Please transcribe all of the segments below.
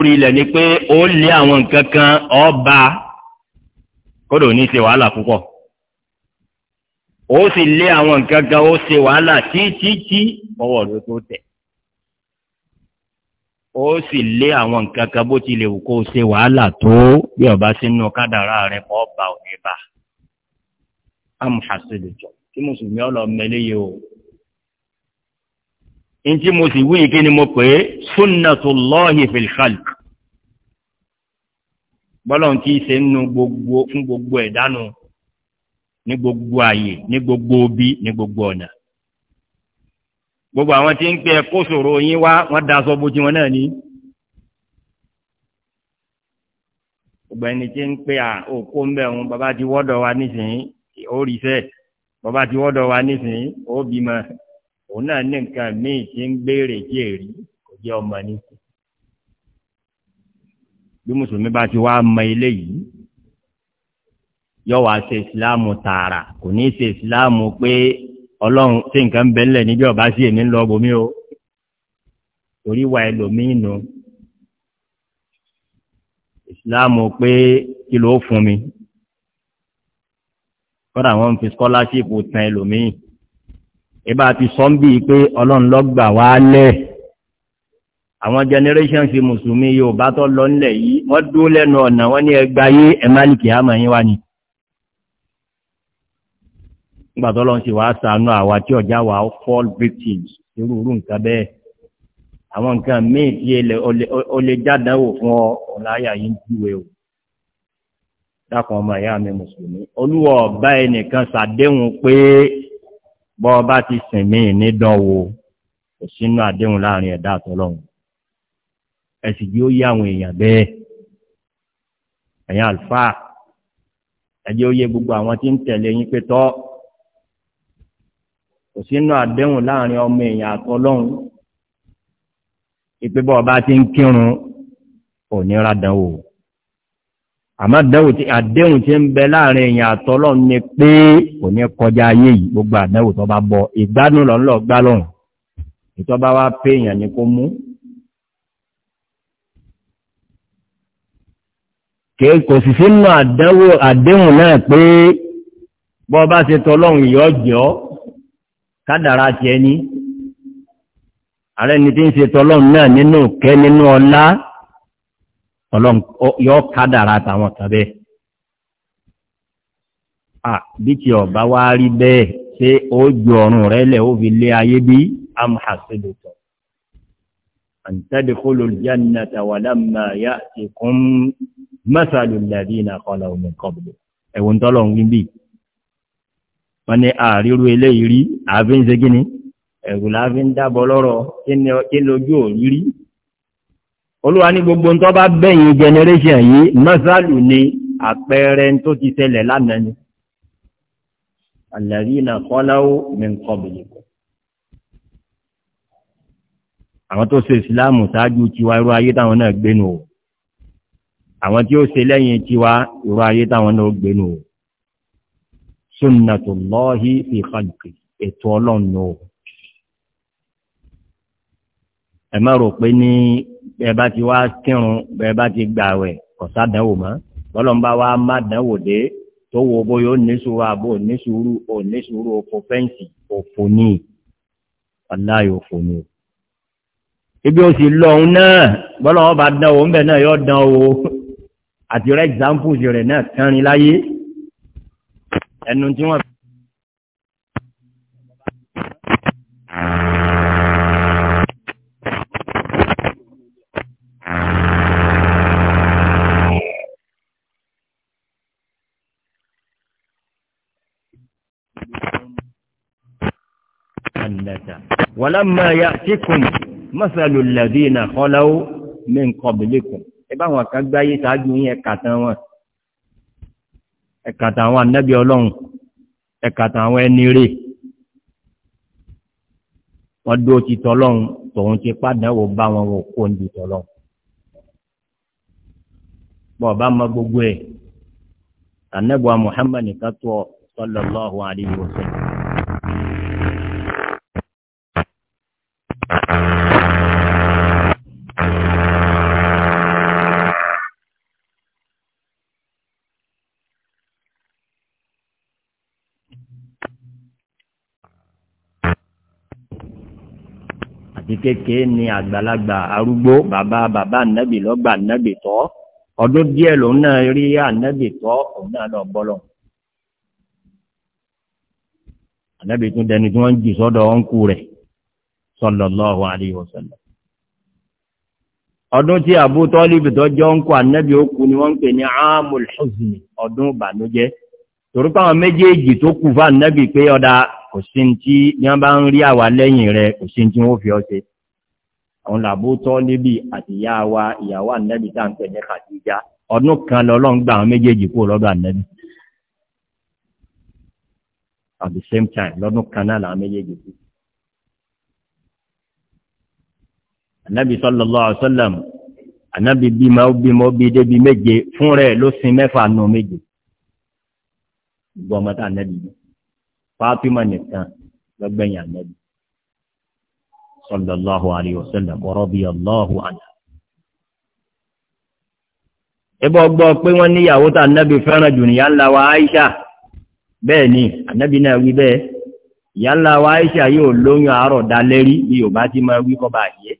orí ilẹ̀ ni pé ó lé àwọn nǹkan kan ọba kódò ní ṣe wàhálà púpọ̀ ó sì lé àwọn nǹkan kan ó ṣe wàhálà títí ọwọ́ rẹ tó tẹ̀ ó sì lé àwọn nǹkan kan bó ti lè wù kó ṣe wàhálà tó bí ọba sínú kádàrá rẹ kọ́ ọba ò ní bá amúhàṣe jọ kí mùsùlùmí ọlọ́mọ eléyìí o ntí mo sì wíyì kí ni mo pè é sunnatullahi fil khalq bọ́lọ̀ tí í ṣe nínú gbogbo fún gbogbo ẹ̀dánù ní gbogbo ààyè ní gbogbo òbí ní gbogbo ọ̀nà gbogbo àwọn tí ń pè kó sòrò yín wá wọ́n da aṣọ bójú wọn náà ní. gbogbo ẹni tí ń pè òkú ń bẹ̀ òun bàbá ti wọ́dọ̀ wa nísìnyí ó rí sẹ́ẹ̀ bàbá ti wọ́dọ̀ wa nísìnyí ó bímọ òun náà ní nǹkan míì tí ń béèrè tí èrí kò jẹ́ ọmọ ní. bí mùsùlùmí bá ti wá mọ ilé yìí yóò wá ṣe ìsìláàmù tààrà kò ní í ṣe ìsìláàmù pé ọlọ́run tí nǹkan ń bẹ ńlẹ̀ níjọ́ sí èmi ń lọ bomi o torí wa ẹlòmíì nù ìsìláàmù pé kí ló fún mi kọ́dà wọ́n fi scholarship tan ẹlòmíì ìbá ti sọ ń bí pé ọlọ́run wá lẹ̀ àwọn generation fi mùsùlùmí yorùbá tó lọ nílẹ̀ yìí wọ́n dúró lẹ́nu ọ̀nà wọ́n ní ẹgbà ayé ẹ̀málìkì àmọ̀ yín wá ni. nígbà sì wá sànú àwa tí ọjà wà ó fall victims irú irú nǹkan bẹ́ẹ̀ àwọn nǹkan míì tí ó lè jádánwò fún ọ ọ̀láyà yìí ń júwe o dákun ọmọ ìyá mi mùsùlùmí olúwa ọba ẹnìkan ṣàdéhùn pé bọ́ ọba ti sìn mí nídánwò kò sínú àdéhùn láàrin ẹ̀dá àtọ́lọ́hún ẹ̀sìn yóò yí àwọn èèyàn bẹ́ẹ̀ ẹ̀yin àlùfáà ẹ̀jẹ̀ ó yẹ gbogbo àwọn tí ń tẹ̀lé yín pé tọ́ kò àdéhùn láàrin ọmọ èèyàn àtọ́lọ́hún ìpébọ̀ ọba ti ń kírun ò ní rádánwò àmá dẹ́wò tí àdéhùn tí ń bẹ láàrin èèyàn àtọ́lọ́ ní pé kò ní kọjá ayé yìí gbogbo àdẹ́wò tó bá bọ ìgbádùn lọ ńlọ gbá lọ́rùn ìtọ́ba wá pé èèyàn ní kó mú. kò sì sínú àdéhùn náà pé bọ́ bá ṣe tọ́lọ́run ìyọ́jọ́ kádàrá tiẹ̀ ní ààrẹ tí ń ṣe tọ́lọ́run náà nínú kẹ́ nínú ọlá ọlọ́run yọ kádàrà àtàwọn kan bẹ́ẹ̀. à bí ti ọ̀bá wá rí bẹ́ẹ̀ ṣé ó ju ọ̀run rẹ lẹ̀ ó fi lé ayé bí amhasidoto. àǹtẹ́dẹ́kọ́lù jẹ́nà tàwádà máa yá ìkún mẹ́sàlù lẹ́bí iná olúwa ní gbogbo tó bá bẹ̀yìn generation yìí mọ́sálù ni àpẹẹrẹ tó ti tẹ́lẹ̀ lánàá ni alladhina khalaw min qablikum àwọn tó ṣe ìsìláàmù ṣáájú tiwa irú ayé táwọn náà gbénu o àwọn tí ó ṣe lẹ́yìn tiwa irú ayé táwọn náà gbénu o sunnatullahi fi khalqi ètò ọlọ́run o ẹ má rò pé ní bẹ́ẹ̀ bá ti wá kírun bẹ́ẹ̀ bá ti gbààwẹ̀ kọ̀sá dánwò mọ́ bọ́lọ́mbà wa má dánwò dé tó wo bóyá ó ní sùúrù àbò ní sùúrù ò ní sùúrù òfò fẹ́ǹsì òfò ní aláyò òfò ní. ibi ó sì lọ́hùn náà bọ́lọ́wọ́ bá dánwò ńbẹ̀ náà yóò dánwò àti rẹ́ examples rẹ̀ náà kánrin láyé ẹnu tí wọ́n fi. الجنة ولما يأتكم مثل الذين خلوا من قبلكم ìbá wọn kan gbáyé ṣáájú yín ẹ̀ka tán wọn ẹ̀ka tán àwọn anábì ọlọ́run ẹ̀ka tán àwọn ẹni rè wọ́n dúró ti tọ́lọ́run tòun ti pàdánwò bá wọn wò kó ń di tọ́lọ́run bọ́ọ̀ bá mọ gbogbo ẹ̀ anábì wa Muhammad nìkan tó sallallahu alaihi wasallam. kékeré ni àgbàlagbà arúgbó bàbá bàbá ànábì lọ́gbà ànábì tọ́ ọdún díẹ̀ lòun náà rí ànábì tọ́ òun náà lọ bọ́lọ̀ ànábì tún dẹni tí wọ́n ń jì sọ́dọ̀ ọ̀nkù rẹ̀ sallallahu alayhi wa sallam ọdún tí Abu Talib tó jọ ń kó ànábì òkú ni wọ́n ń pè ní amul ọdún ìbànújẹ́ torí àwọn méjèèjì tó kù fún ànábì pé ọ̀dà kò tí yán bá ń rí àwa lẹ́yìn rẹ̀ kò tí wọ́n fi ọ́ àwọn làbó tọ́ níbi àti ìyá wa ìyàwó ànẹ́bí tá ń pè ní Khadija ọdún kan lọ́lọ́run gba àwọn méjèèjì kúrò lọ́dọ̀ ànẹ́bí at the same time lọ́dún kan náà làwọn méjèèjì kú. ànẹ́bí sallallahu alaihi wasallam ànẹ́bí bímọ ó bímọ ó bí débi méje fún rẹ̀ ló sin mẹ́fà nù méje gbọ́mọta ànẹ́bí yìí. Fátímà nìkan lọ́gbẹ̀yìn ànábì sallallahu alayhi wa sallam wa radiyallahu anha. Ibọ̀ gbọ́ pé wọ́n níyàwó tá ànábì fẹ́ràn jù níyà ńlá wa Aisha bẹ́ẹ̀ ni ànábì náà wí bẹ́ẹ̀ ìyá ńlá wa Aisha yóò lóyún àárọ̀ dalẹ́rí bí Yorùbá ti máa wí kọ́ bá yẹ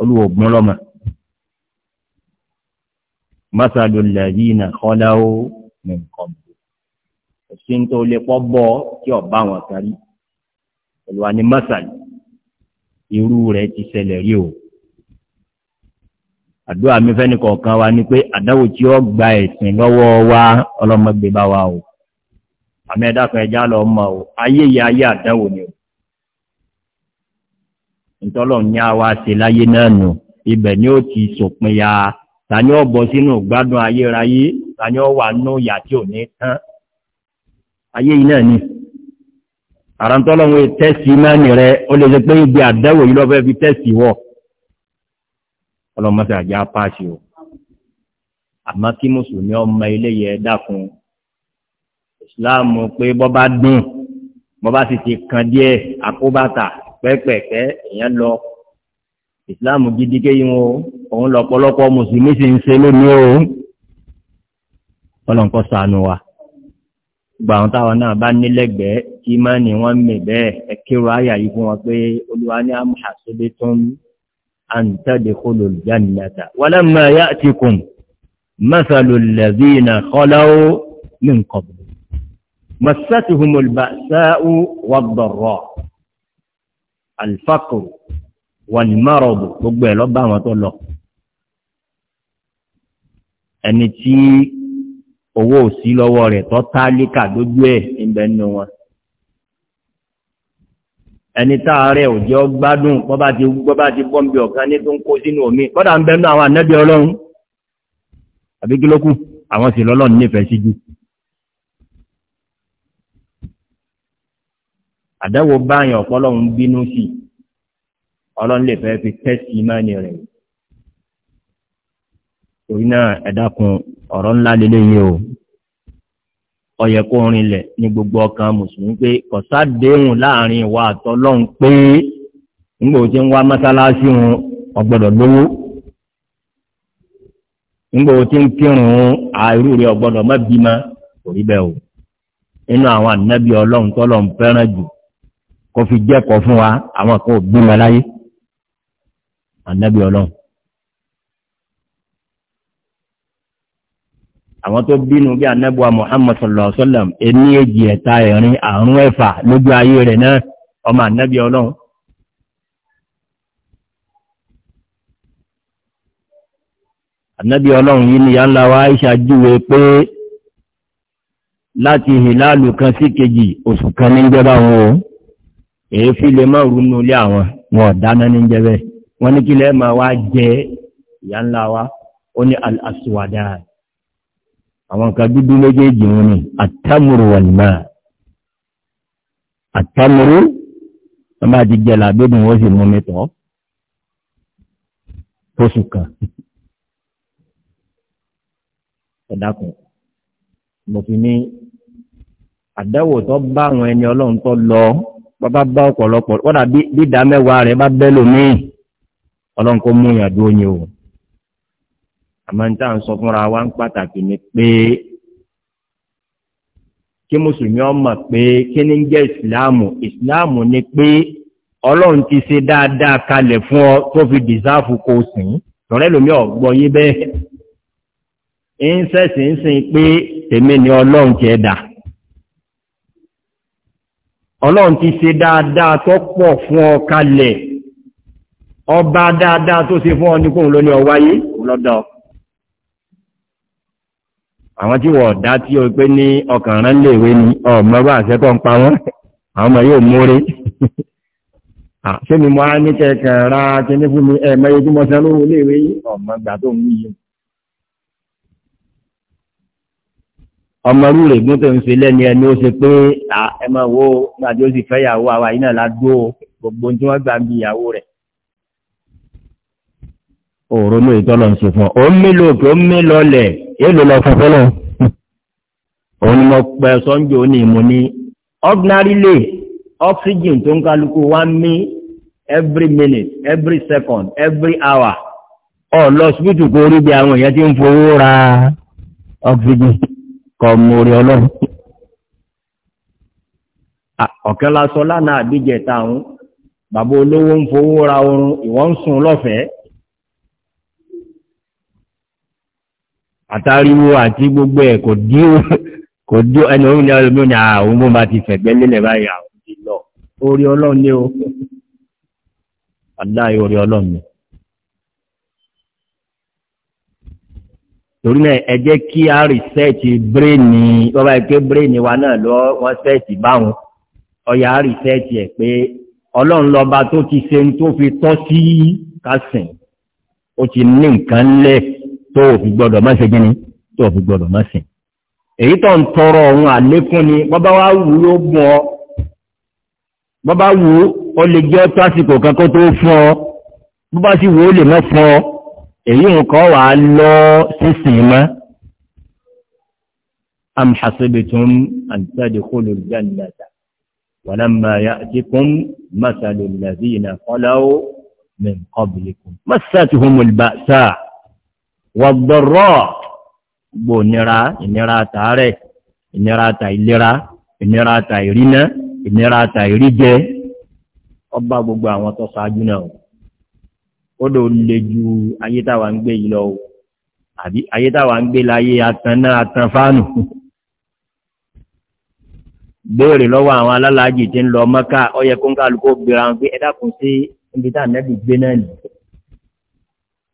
olùwògbọ́n lọ́mọ. Masalul ladina khalaw min qabl òsì ń tó lè pọ́ bọ́ tí ọba wọn kárí olùwà ní mọ́sàlì irú rẹ̀ ti ṣẹlẹ̀ rí o àdúrà mi fẹ́ kọ̀ọ̀kan wa ni pé àdáwò tí ó gba ẹ̀sìn lọ́wọ́ wa ọlọ́mọgbé bá wa o àmì ẹ̀dá kan ẹja lọ mọ o ayé yẹ ayé àdáwò ni o ntọ́lọ̀ ní àwa ṣe láyé náà nù ibẹ̀ ni ó ti sòpin ya tani ó sínú gbádùn ayérayé tani ó nù yà tí tán ayé yìí náà ni àrántọ́lọ́wọ́ tẹ́sì náà nì rẹ ó lè ṣe pé ibi àdẹ́wò yìí lọ́fẹ́ fi tẹ́sì wọ̀ ọlọ́mọdé àjá páàsì o àmọ́ kí mùsùlùmí ọmọ eléyẹ dákun ìsìláàmù pé bọ́ bá dùn bọ́ bá sì ti kan díẹ̀ àkóbàtà pẹ́pẹ̀pẹ́ èèyàn lọ ìsìláàmù gidi kéyìn o òun lọ́pọ̀lọpọ̀ mùsùlùmí sì ń ṣe lónìí o ọlọ́nkọ́ ṣàánú wa gbà àwọn táwọn náà bá nílẹ̀gbẹ̀ẹ́ kí má ní wọ́n mè bẹ́ẹ̀ ẹ kéwà áyà yìí fún wọn pé olúwa ní àmúhàsóbé tó ń àǹtẹ̀dẹ̀ kó lò jannata walamma ya'tikum mathalul ladhina ẹni tí owó òsí lọ́wọ́ rẹ̀ tọ́ tálíkà lójú ẹ̀ ìbẹ̀ nù wọn ẹni táàrẹ òjò gbádùn bọ́bá ti gbọ́bá ti bọ́m̀bì ọ̀kan ní tó ń kó sínú omi kọ́dà ń bẹ́nu àwọn ànẹ́bí ọlọ́run àbí kí ló kù àwọn sì lọ́lọ́run nífẹ̀ẹ́ sí jù àdáwò báyàn ọ̀pọ̀lọ́run bínú sí ọlọ́run lè fẹ́ fi tẹ́sí mẹ́ni rẹ̀ torí náà ẹ̀dákun ọ̀rọ̀ ńlá lélẹ́yìn o ọyẹ kó rinlẹ̀ ní gbogbo ọkàn mùsùlùmí pé kọ̀sádéhùn láàrin ìwà àtọ́lọ́hún pé nígbà tí ń wá mọ́sálásí wọn ọ̀gbọ́dọ̀ lówó nígbà tí ń kírun àìrú rẹ̀ ọ̀gbọ́dọ̀ má bímọ kò rí bẹ́ẹ̀ o nínú àwọn ànábì ọlọ́run tọ́lọ́run fẹ́ràn jù kó fi jẹ́kọ̀ọ́ fún wa àwọn kan ò bímọ láyé ànábì ọlọ́run àwọn tó bínú bí anẹ́bùwa Muhammad sallallahu alaihi wasallam ẹni èjì ẹ̀ta ẹ̀rin àrùn ẹ̀fà lójú ayé rẹ̀ náà ọmọ anẹ́bí ọlọ́run anẹ́bí ọlọ́run yìí ni ya ńlá wa Aisha júwe pé láti hìláàlù kan sí kejì oṣù kan ní jẹba wọn o èéfì lè má rúnú ilé àwọn wọn dáná ní jẹbẹ wọn ní kí lẹ́ẹ̀ máa wá jẹ ìyá ńlá wa ó ní al-aswadani àwọn nǹkan dúdú méjèèjì wọn ni àtàmùrù wà ní máa àtàmùrù wọn máa ti jẹ làbẹ́bí wọn sì mú mi tọ́ fóṣù kan ẹ̀dákun mo fi ní àdáwò tó bá àwọn ẹni ọlọ́run tó lọ bàbá bá ọ̀pọ̀lọpọ̀ wọ́n dà bí ìdá rẹ̀ bá bẹ́ lómi ọlọ́run kó mú ìyàdó yẹn o àmọ́ ní táwọn sọ fúnra wa ń pàtàkì ni pé kí mùsùlùmí ọmọ pé kí ni ń jẹ́ ìsìláàmù ìsìláàmù ni pé ọlọ́run ti ṣe dáadáa kalẹ̀ fún ọ tó fi dìsáàfù kò sìn tọ́rẹ́ lómi ọ̀gbọ́ yí bẹ́ẹ̀ ń ń sìn pé tèmi ni ọlọ́run ti ẹ̀dà ọlọ́run ti ṣe dáadáa tó pọ̀ fún ọ kalẹ̀ ọba dáadáa tó ṣe fún ọ ní kóhun lóní ọwáyé lọ́dọ̀ọ́ àwọn tí wọ́n dá tí ó pé ní ọkàn rán léèwé ni ọmọ bá àṣẹ́kọ́ ń pa wọ́n àwọn ọmọ yóò múre ṣé ni mo á ní kẹ̀kẹ́ ra kíní fún mi ẹ̀mọ́ yóò túnmọ̀ sẹ́ lóhun léèwé yìí ọmọ gbà tó ń yí ọmọ rú rè gún tó ń fi lẹ́ni ẹni ó ṣe pé ẹ máa wo gbàdé ó sì fẹ́ ìyàwó àwa yìí náà ládùú gbogbo tí wọ́n gbà ń bi ìyàwó rẹ̀ òòrùn lóòótọ́ lọ́n ṣe fún ọ ó mí lóòkè ó mí lọ́lẹ̀ èlò lọ fún fọlọ òun ni mo pẹ sọ́njọ́ òní mo ní oxygen tó ń kálukú one mi every minute every second every hour ọ lọ síbítù kó orí bí àwọn èèyàn tí ń fowó ra oxygen kọ mọ orí ọlọ́run ọ̀kẹ́ àtàríwó àti gbogbo ẹ̀ kò dí ó kò dí ó ẹni oúnjẹ ọlọ́mọ ní àwọn bó bá ti fẹ̀gbẹ́ lélẹ̀ báyìí àwọn ti lọ o àdáyé orí ọlọ́run ní. torí náà ẹ jẹ́ a rìsẹ́ẹ̀tì bírèèni wọ́n bá yẹ pé bírèèni wa náà lọ wọ́n sẹ́ẹ̀tì báwọn a rìsẹ́ẹ̀tì ẹ̀ pé ọlọ́run lọ́ba tó ti ṣe tó fi tọ́ sí kásìn ó ti ní nǹkan lẹ́ẹ̀ tó o fi gbọdọ̀ má ṣe gíní tó o fi gbọdọ̀ má sìn èyí tó ń tọrọ ọ̀run àlékún ni bọ́bá wá wù ó bùn ọ bọ́bá wù ó lè jẹ́ tó àsìkò kan kó tó fún ọ bọ́bá sì wù ó lè má fún ọ èyí nǹkan wà á lọ sísìn mọ́ am hasibitum an jannata walamma ya'tikum mathalul ladhina khalaw min qablikum massatuhumul ba'sa wọ́gbọ́rọ́ gbò nira ìnira tààrẹ̀ ìnira tà ìlera ìnira tà ìrìnà ìnira tà ìríjẹ ọba gbogbo àwọn tó ṣáájú náà ó lò lè ju ayé táwa ń gbé yìí lọ o àbí ayé táwa ń gbé láyé atan náà atan fánù béèrè lọ́wọ́ àwọn alálàájì tí ń lọ mọ́ká ó yẹ kó ń kálukó gbéra wọn pé ẹ dákun sí ibi tá ànábì gbé náà nìyí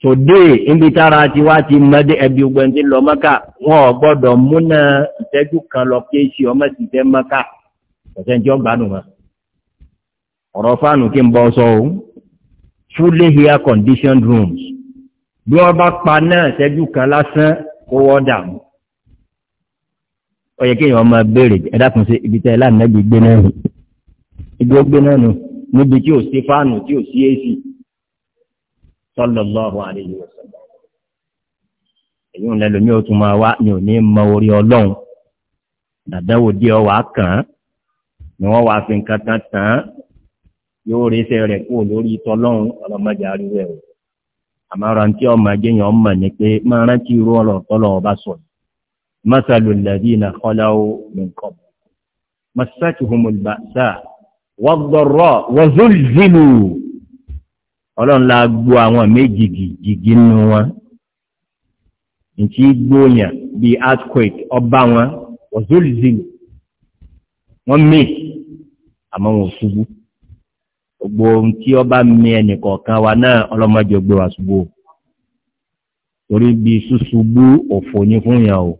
today in tára ti wá ti mọ́dé ẹbí ogun tí lọ mọ́ká wọn ò gbọ́dọ̀ múná ìtẹ́jú kan lọ kí ṣe ọmọ sì fẹ́ mọ́ká ọ̀sẹ̀ tí ó gbà nù wọn. fully air conditioned rooms bí wọ́n bá pa náà ìtẹ́jú kan lásán kó wọ́n dààmú. ó yẹ kí èèyàn máa béèrè ẹ dákun sí ibi tẹ́ ẹ láàánú ẹbí gbé náà ibi ó gbé náà nù níbi tí ò sí fáànù tí ò sallallahu alayhi wa sallam èyí ń lẹ́lòmí ó tún máa wá ní òní mọ orí ọlọ́run dàdáwò dí ọ wàá kàn án ni wọ́n wàá fi nǹkan tán tán án yóò rí iṣẹ́ rẹ̀ kú lórí tọ́lọ́run ọlọ́mọdé arúgbó ẹ̀ àmọ́ rántí ọmọ ajéyàn mọ̀ ni pé máa rántí irú ọ̀rọ̀ tọ́lọ́ ọba sọ masalu alladhina khalau min qabl masatuhumul ba'sa wad-dharra wa zulzilu ọlọ́run la gbó àwọn méjì gìgì nínú wọn ntí gbóyàn bíi earthquake ọba wọn ọ̀zọ́lìzìlì wọ́n mí àmọ́ wọn ṣubú gbogbo tí ọba mi ẹnìkọ̀ọ̀kan wa náà ọlọ́mọdé gbé wa ṣubú o torí bí ṣùṣubú òfò ní fún yàn o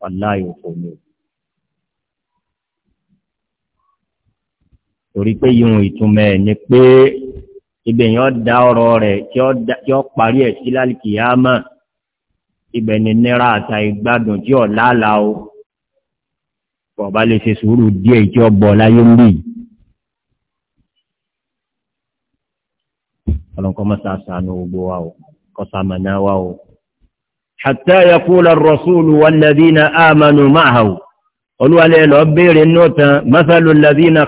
wàláì òfò ní o. torí pé yíwọn ìtumọ̀ ẹ̀ ni pé ibẹ̀ yẹn da ọ̀rọ̀ rẹ̀ tí ó parí ẹ̀ sí lálìkìyàmà ibẹ̀ ni náírà àta ìgbádùn tí ọ̀ lálà o bọ̀bá lè ṣe sùúrù díẹ̀ tí ó bọ̀ láyé ń bì. ọlọ́nkọ́ mọ́sá sànú gbogbo wa o kọ́sàmà náà wa o. حتى يقول bẹ̀rẹ̀ náà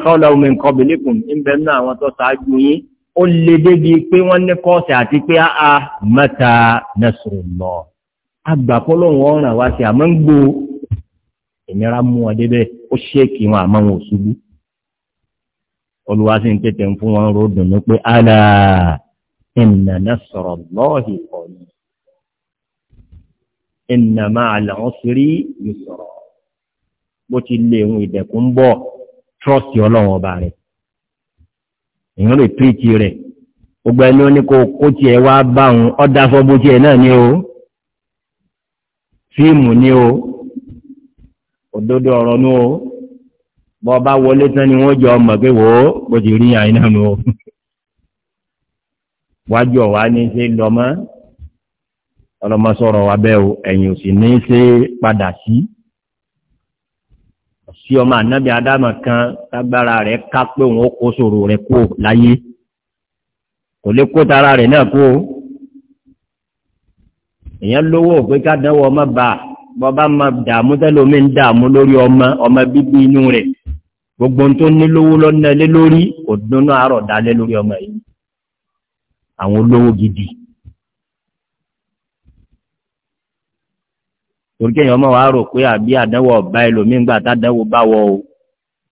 àwọn tó ṣáájú yín ó lè débi pé wọ́n ní kọ́ọ̀sì àti pé àá mẹ́ta nasrullah agbàkọ́lọ́wọ́ ọ̀ràn wá sí àmọ́ ń gbò ìnira mú wọn débẹ̀ ó ṣéèkì wọn àmọ́ wọn ò ṣubú olùwàsí ń tètè ń fún wọn ró dùnú pé àlà inna nasrullahi qarib inna ma'al usri yusra bó ti lé ohun ìdẹ̀kùn bọ̀ trọ́ọ̀sì ọlọ́run ọba rẹ̀ èèyàn lè tírìtì rẹ̀ gbogbo ẹni ó ní kó kó tiẹ̀ wá bá òun ọ̀dà fọ́bù tiẹ̀ náà ni o fíìmù ní o òdodo ọ̀rọ̀ ní o bọ́ bá wọlé tán ni wọ́n jọ ọmọ pé wò ó rí àyín nù o wájú ọ̀wá ní ṣe lọ́mọ́ wa bẹ́ẹ̀ o ẹ̀yìn ò sì ní sí ọmọ ànábì adámọ̀ kan tágbára rẹ̀ ká pé òun ó kó ṣòro rẹ̀ kó láyé kò lè kó tara rẹ̀ náà kó èèyàn lówó pé ká dánwò ọmọ bá bọ́bá máa dààmú tẹ́lómi ń dààmú lórí ọmọ ọmọ bíbí inú rẹ̀ gbogbo tó ní lówó lọ́nà lé lórí òdùnnú àárọ̀ dálé lórí ọmọ yìí àwọn olówó gidi torí èèyàn mọ̀ wá rò pé àbí àdánwò ọ̀bá ẹlòmíín gbà tádánwò bá wọ o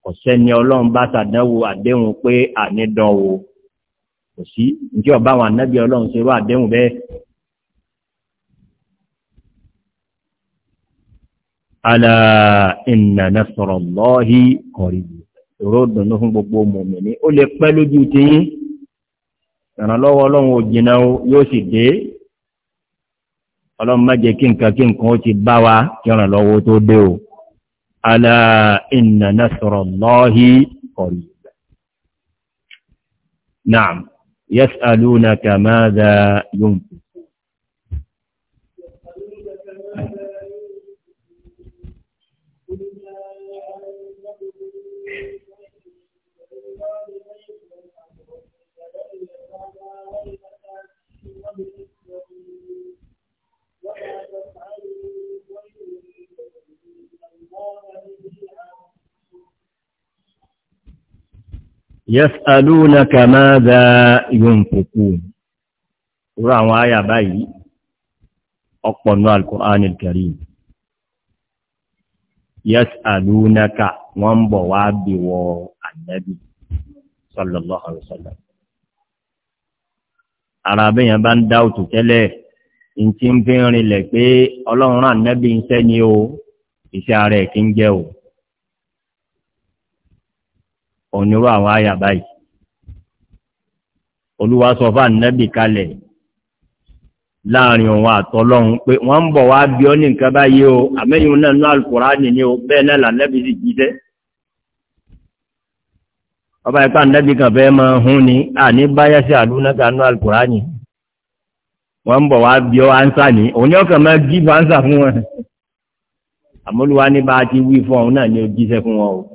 ọ̀sẹ́ ni ọlọ́run bá tàdánwò àdéhùn pé ànídán o kò sí ǹjẹ́ ọba àwọn ọlọ́run àdéhùn bẹ́ẹ̀. ala inna na qarib ìró dùnú gbogbo ọlọ́run má jẹ́ kí nǹkan kí nǹkan ó ti bá wa kí ràn lọ́wọ́ tó dé o alá inna nasrallahi qarib na'am yas'alunaka madha yóò yẹ́sàlúnaka máa dá yunfiqun rú àwọn àyà báyìí ọ̀pọ̀ ní al-Qur'an al-Karim yẹ́sàlúnaka wọ́n ń bọ̀ wá bí wọ ànábì sallallahu alaihi wasallam ara bẹ́yàn bá ń dá òtù tẹ́lẹ̀ ntí ń fi rinlẹ̀ pé ọlọ́run ànábì ń sẹ́ni o iṣẹ́ ara ẹ̀ ń jẹ́ o onírú àwọn àyà báyìí olúwa sọ fún ànábì kalẹ̀ láàrin òun àtọlọ́run pé wọ́n ń bọ̀ wá bí ọ́ ní nǹkan báyìí o àmẹ́yìn náà ní alukùránì ni o bẹ́ẹ̀ náà lànàbì sì jíṣẹ́ ọba ẹ̀ka ànábì kan fẹ́ máa hún ni àní báyà sí àdúnáka ní alukùránì wọ́n ń bọ̀ wá bí ọ́ ánsà ní òun ni ọkàn máa gíbù ánsà fún wọn àmọ́lùwá ní bá a ti wí fún ọ̀hún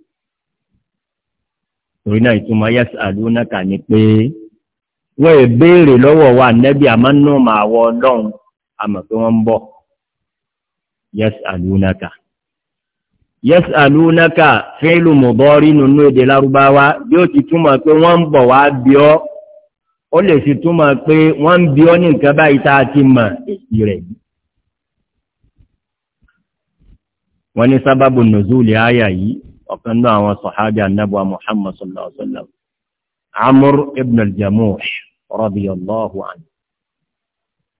torí náà ìtumọ̀ yẹ́sì àdúnákà ni pé wọ́n è béèrè lọ́wọ́ wa nẹ́bí àmọ́ náà máa wọ ọlọ́run àmọ́ pé wọ́n ń bọ̀ yẹ́sì àdúnákà yẹ́sì àdúnákà fílù mọ̀bọ́rí nínú èdè lárúbáwá bí ó ti túmọ̀ pé wọ́n ń bọ̀ wá bí ọ́ ó lè sì túmọ̀ pé wọ́n ń bí ọ́ ní nǹkan báyìí tá a ti mọ̀ èsì rẹ̀ yìí. wọ́n ní sábàbù nùzúlì áyà yìí ọ̀kan náà àwọn sọ̀hábì anábọ̀ muhammad sallallahu alaihi wa sallam amur ibn al-jamuh radiyallahu anhu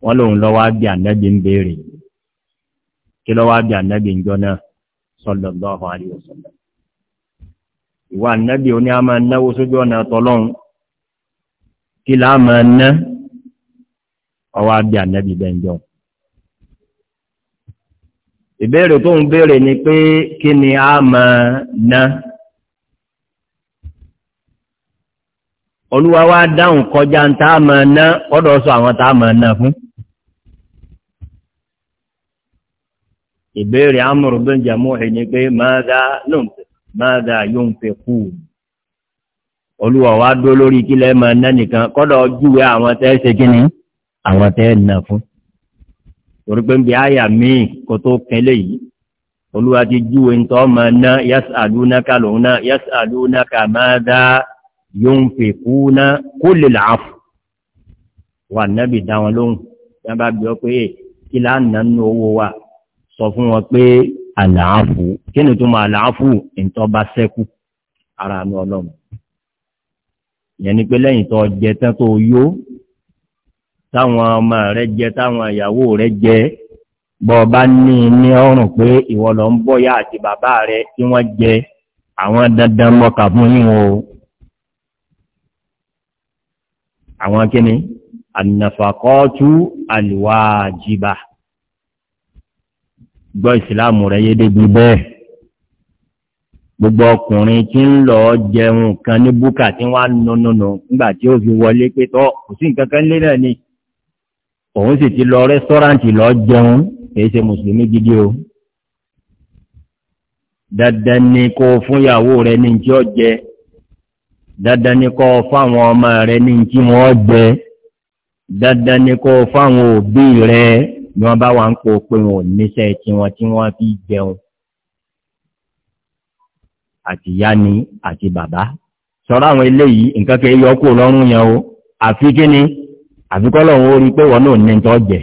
wọ́n lòun lọ́wọ́ bí anábì ń béèrè kí lọ́wọ́ bí anábì ń jọ sallallahu alaihi wa sallam ìwà anábì oní a máa náwó sójú ọ̀nà tọ́lọ́hun kí láà máa ná ọwọ́ bí anábì bẹ́ẹ̀ jọun ìbéèrè tó ń béèrè ni pé kí ni a máa ná olúwa wá dáhùn kọjá ń tá a máa ná ọ̀dọ̀ sọ àwọn tá a máa ná fún ìbéèrè amúrù bin Jamuhi ni pé máadá yóò ń torí pé ń bi àyà míì kó tó kẹ́ léyìí olúwa ti júwe ń tọ́ ma ná yásàlúnáka lòun náà yásàlúnáka máa dá yunfiquna kulli al-'afw wà nábì dá wọn lóhùn tí wọ́n bá bí ọ pé kí láà nínú owó wa sọ fún wọn pé àlàáfù kí ni tó máa àlàáfù ìtọ́ bá sẹ́kù ara mi ọlọ́run yẹn ni pé lẹ́yìn tó jẹ tán tó yó táwọn ọmọ rẹ jẹ táwọn ìyàwó rẹ jẹ bọ̀ọ̀bá ní ní ọrùn pé ìwọ lọ ń bọ́yá àti bàbá rẹ tí wọ́n jẹ àwọn dandan mọ́ka fún yíwọ̀n o àwọn kíni ànàfàkọ́tú àlùwàjìbà gbọ́ ìsìláàmù rẹ̀ yé débi bẹ́ẹ̀ gbogbo ọkùnrin tí ń lọ jẹun kan ní búkà tí wọ́n nùnùnù nígbà tí ó fi wọlé pé tọ́ kò sí nǹkan kan lé náà ni. òun sì ti lọ rẹ́sọ́ráǹtì lọ jẹun kìí ṣe mùsùlùmí gidi o dandan ni kó rẹ ní tí ó jẹ dandan ni kó fáwọn ọmọ rẹ ní tí jẹ dandan ni kó fáwọn òbí rẹ ni wọn bá wà ń kó pé wọn tí fi jẹun àtìyá ni àti bàbá sọ̀rọ̀ àwọn eléyìí nǹkan kẹ́ yọ kó lọ́rùn yẹn o àfi kí ni. àbíkọ́ lọ́wọ́ orí pé wọ́n náà ní tọ́ jẹ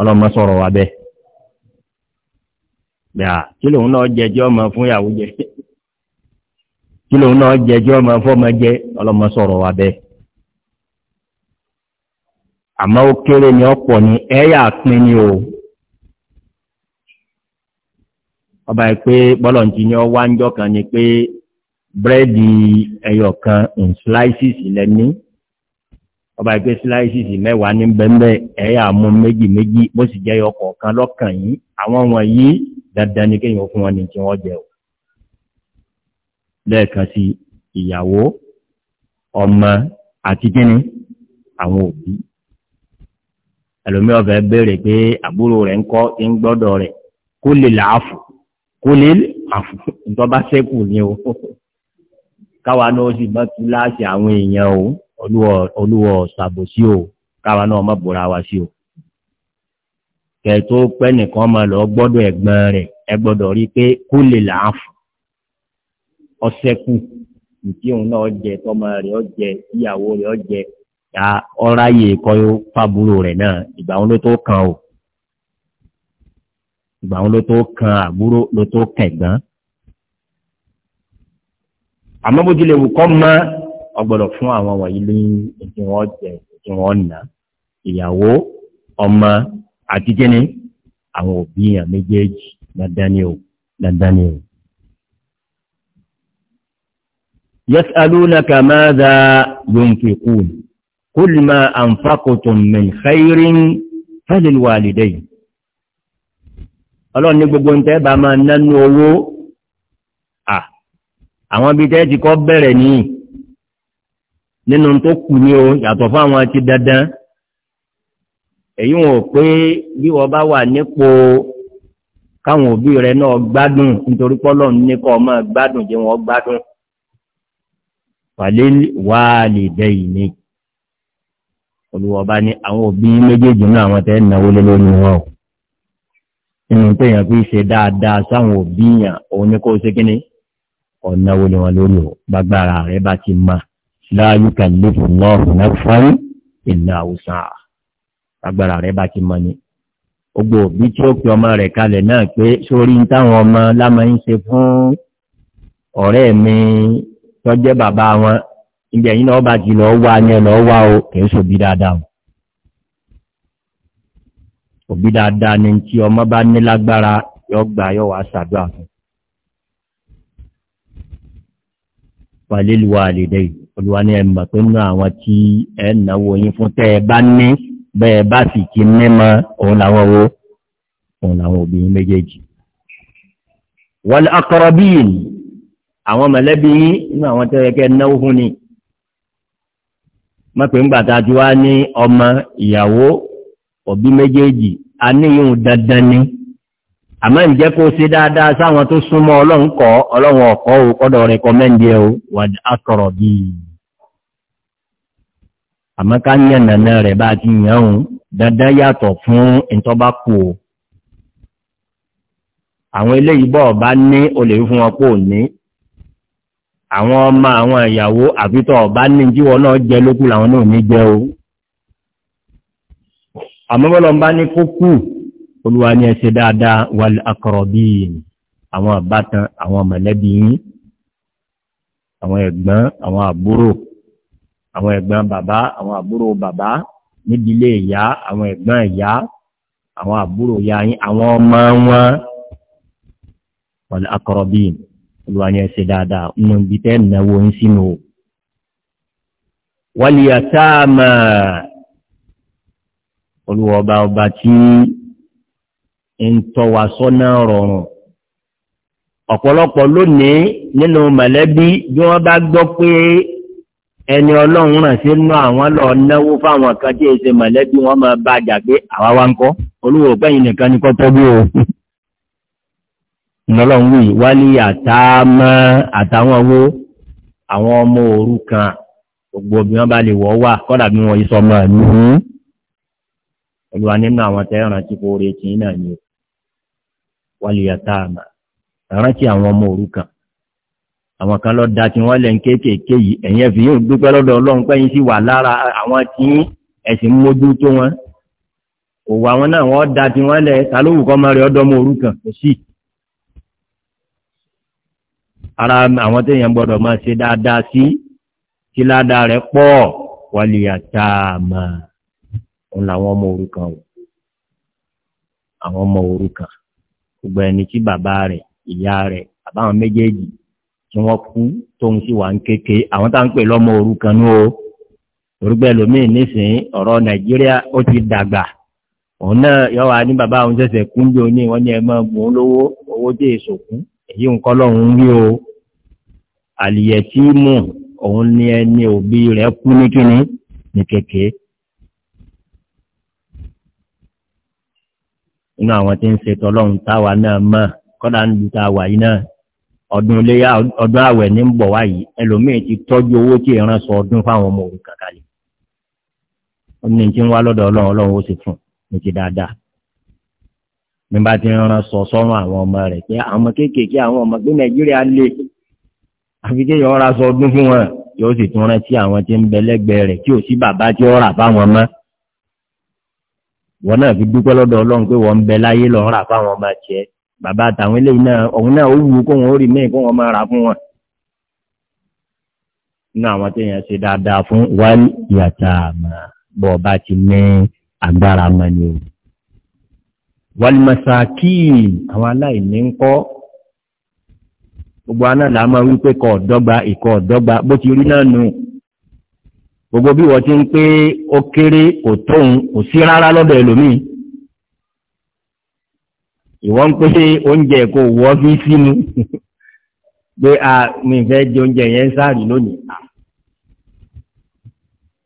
ọlọ́mọ sọ̀rọ̀ wa bẹ́ẹ̀ yà kí lòun náà jẹ jẹ́ ọmọ fún ìyàwó jẹ kí lòun náà jẹ jẹ́ ọmọ fọ́mọ jẹ ọlọ́mọ sọ̀rọ̀ wa bẹ́ẹ̀ àmọ́ ó kéré ni ọ̀pọ̀ ni ẹ̀yà pin ni o ọba yìí bọ́lọ̀ ti ní ọwá ń jọ kan ni pé búrẹ́dì ẹyọ kan in slices lẹ́ni ọba ìgbé síláìsìsì mẹ́wàá ní bẹ́ńbẹ́ ẹ̀yà mú méjì méjì bó sì jẹ́ ọkọ̀ kan lọ́kàn yìí àwọn wọ̀nyí dandan ni kéèyàn fún wọn ní kí wọ́n jẹ o. lẹ́ẹ̀kan sí ìyàwó ọmọ àti kíni àwọn òbí. ẹlòmíì ọ̀fẹ́ béèrè pé àbúrò rẹ̀ ń kọ́ ń gbọ́dọ̀ rẹ̀ kó lè làáfù kó lè àfù ntọ́ bá sẹ́kù ni o káwa náà sì bá tú láàṣì àwọn èèyàn o olúwọ ṣàbòsí o káwa náà má bòra wa sí o. kẹ̀tọ́ pẹ́ nìkan máa lọ gbọ́dọ̀ ẹ̀gbọ́n rẹ̀ ẹ rí pé kó lè làáfù ọ̀sẹ̀kù ìdí òun náà jẹ tọmọ rẹ̀ ọjẹ ìyàwó rẹ̀ ọjẹ ya ọ̀ráyè kọ́yó fábúrò rẹ̀ náà ìgbà wọn ló tó kan o ìgbà wọn ló tó kan àbúrò ló tó kẹ̀gbọ́n àmọ́ bó tilẹ̀ wù kọ́ mọ́ ọgbọ́dọ̀ fún àwọn wọ̀nyí ní ìdí wọn jẹ ìdí wọn nà ìyàwó ọmọ àti kíni àwọn òbí yàn méjèèjì dandani o dandani o. yasalunaka maza yunfiqun kul ma anfaqtum min khairin falil walidayn ọlọ́run ní gbogbo ń tẹ́ bá máa nánú owó àwọn bíi tẹ́ẹ̀tì kọ́ bẹ̀rẹ̀ nìyí nínú tó kù ní o yàtọ̀ fáwọn ti dandan èyí wọn ò pé bí wọ́n bá wà nípò káwọn òbí rẹ̀ náà gbádùn nítorí pọ́lọ́ ní kọ́ ọmọ gbádùn jẹ́ wọ́n gbádùn wàlé wà lè dẹ́ ìní olùwọ̀ba ni àwọn òbí méjèèjì náà àwọn tẹ́ náwó lé lórí wọn o nínú tó yàn fi ṣe dáadáa sáwọn òbí yàn òun ni kó ṣe kínní ọ̀nà wo ni wọn lórí o gbàgbára rẹ bá ti ma láàyè kan lè fún lọ́ọ̀fù náà fún ìlà àwùsà gbàgbára rẹ bá ti ma ni. gbogbo òbí tí ó pe ọmọ rẹ̀ kalẹ̀ náà pé sórí ń táwọn ọmọ lámà ń ṣe fún ọ̀rẹ́ mi tọ́jẹ́ bàbá wọn ibi ẹ̀yìn náà bá ti lọ́ọ́ wá ni ẹ lọ́ọ́ wá o kì í sòbí dáadáa o. òbí dáadáa ni tí ọmọ bá ní lágbára yọ gbà yọ wá ṣàdúrà fún wàlélùwà àlèdè olùwà ní ẹ̀mà tó ní àwọn tí ẹ̀nàwó yín fún tẹ́ ẹ bá ní bẹ́ẹ̀ bá sì kí mímọ́ òun làwọn wo òun làwọn òbí méjèèjì. wal aqrabin àwọn mọ̀lẹ́bí yín ní àwọn tẹ́ ẹ náwó fún ni. má pè ń gbàtà tí wàá ní ọmọ ìyàwó òbí méjèèjì a níyùn dandan ni àmọ́ ǹjẹ́ kó ṣe dáadáa sáwọn tó súnmọ́ ọlọ́run kọ́ ọlọ́run ọ̀kọ́ ò kọ́dọ̀ rẹ̀kọ́mẹ́ndì ẹ̀ o wà ákọ̀rọ̀ bí i àmọ́ ká ní ẹ̀nàna rẹ̀ bá ti yàn ún dandan yàtọ̀ fún ìtọ́bá kù o àwọn eléyìí bọ̀ bá ní o lè fún wọn kó àwọn ọmọ àwọn ìyàwó àfitọ̀ bá ní jíwọ náà jẹ lókù làwọn náà ní jẹ o àmọ́ bá ní kó kù olúwa ní ẹ ṣe dáadáa wal aqrabin àwọn àbátan àwọn mọ̀lẹ́bí yín àwọn ẹ̀gbọ́n àwọn àbúrò àwọn ẹ̀gbọ́n bàbá àwọn àbúrò bàbá nídìílé ìyá àwọn ẹ̀gbọ́n ìyá àwọn àbúrò ìyá yín àwọn ọmọ wọn wal aqrabin olúwa ní ẹ dáadáa nínú ibi tẹ́ náwó ń sínú o wal olúwa ọba ọba tí ń tọ́wà sọ́nà rọrùn ọ̀pọ̀lọpọ̀ lónìí nínú mọ̀lẹ́bí bí wọ́n bá gbọ́ pé ẹni ọlọ́run ràn sí nú àwọn lọ náwó fáwọn kan tí èsè mọ̀lẹ́bí wọn máa bá jà pé àwa wa ń kọ́ olúwo pẹ́yìn nìkan ni kọ́ tọ́jú o ìnọlọ́run wì wálé àtàmọ́ àtàwọn owó àwọn ọmọ òrukàn gbogbo bí wọ́n bá lè wọ́ wà kọ́dà bí wọ́n yí sọmọ ẹ̀ nínú olùwà nínú àwọn tẹ́ràn tí kò retí náà ni o wàlìyàtàmà rántí àwọn ọmọ òrukàn àwọn kan lọ da tí wọ́n lẹ̀ ń kéékèèké yìí ẹ̀yin ẹ̀fì yóò dúpẹ́ lọ́dọ̀ ọlọ́run pẹ́yìn sí wà lára àwọn tí ẹ̀sìn mójú tó wọn òwò àwọn náà wọ́n da tí wọ́n lẹ̀ ta ló wù kọ́ máa rí ọdọ́ ọmọ òrukàn kò sí. ara àwọn téèyàn gbọ́dọ̀ máa ṣe dáadáa sí kí ládàá rẹ̀ pọ̀ wàlìyàtàmà òun làwọn ọmọ òrukàn wò àwọn ọmọ òrukàn gbogbo ẹni tí bàbá rẹ̀ ìyá rẹ̀ àbáwọn méjèèjì tí wọ́n kú tóun sì wà ń kéke àwọn tá à ń pè lọ́mọ òrukàn ní o orúkọ ẹlòmíì nísìnyí ọ̀rọ̀ nàìjíríà ó ti dàgbà òun náà yọ wá ní bàbá òun ṣẹ̀ṣẹ̀ kú ní òní wọ́n ní ẹ máa lówó owó tí èso èyí nǹkan lọ́hùn ún rí o àlìyẹ̀tì mù òun ni ẹni òbí rẹ̀ kú ní kíni ní kékeré inú àwọn tí ń ṣe tọlọ́run táwa náà mọ̀ kọ́dà ń lu táwa yìí náà ọdún iléyà ọdún àwẹ̀ ní ń bọ̀ wáyé ẹlòmíì ti tọ́jú owó tí ìran sọ ọdún fáwọn ọmọ òun kàkàlẹ̀ ní tí ń wá lọ́dọ̀ ọlọ́run ọlọ́run ó sì fún ní ti dáadáa nígbà tí ìran sọ sọ́run àwọn ọmọ rẹ̀ pé àwọn kéékèèké àwọn ọmọ pé nàìjíríà lè àfi kí yọ̀ọ́ra sọ ọdún fún wọn yóò sì tún rántí àwọn tí ń bẹ lẹ́gbẹ̀ẹ́ rẹ̀ tí ò sí bàbá tí ó rà fáwọn mọ́ wọn náà fi dúpẹ́ lọ́dọ̀ ọlọ́run pé wọ́n ń bẹ láyé lọ́n rà fáwọn ọmọ tiẹ̀ bàbá àtàwọn eléyìí náà ọ̀hún náà ó wù kó wọn ó rí mẹ́ẹ̀ kó wọn máa rà fún wọn. inú àwọn téèyàn ṣe dáadáa fún wálé ìyàtà àmà bọ́ ọba ti ní agbára mọ́ o. wálé masakin àwọn aláìní ń kọ́ gbogbo aná làá máa wí pé kọ́ ọ̀dọ́gba ìkọ́ ọ̀dọ́gba bó ti rí náà nù gbogbo bí wọ́n ti ń pé ó kéré kò tóun kò sí rárá lọ́dọ̀ ẹlòmíì ìwọ́n ń pé oúnjẹ kò wọ́ fi sínú pé a mi fẹ́ jẹ oúnjẹ yẹn sáàrì lónìí